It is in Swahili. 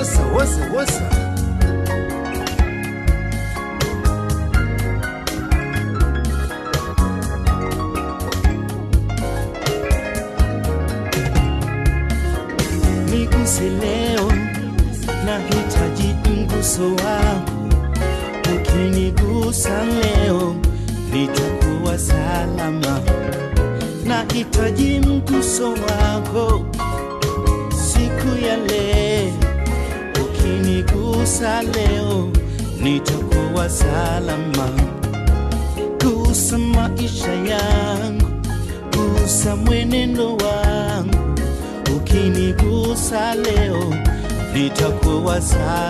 wosa wosa wosa niguse leo nahitaji mguso wako ukinigusa leo nitakuwa salama nahitaji mguso wako sasa leo, nitakuwa salama. Gusa maisha yangu, gusa mwenendo wangu, ukinigusa leo, nitakuwa salama.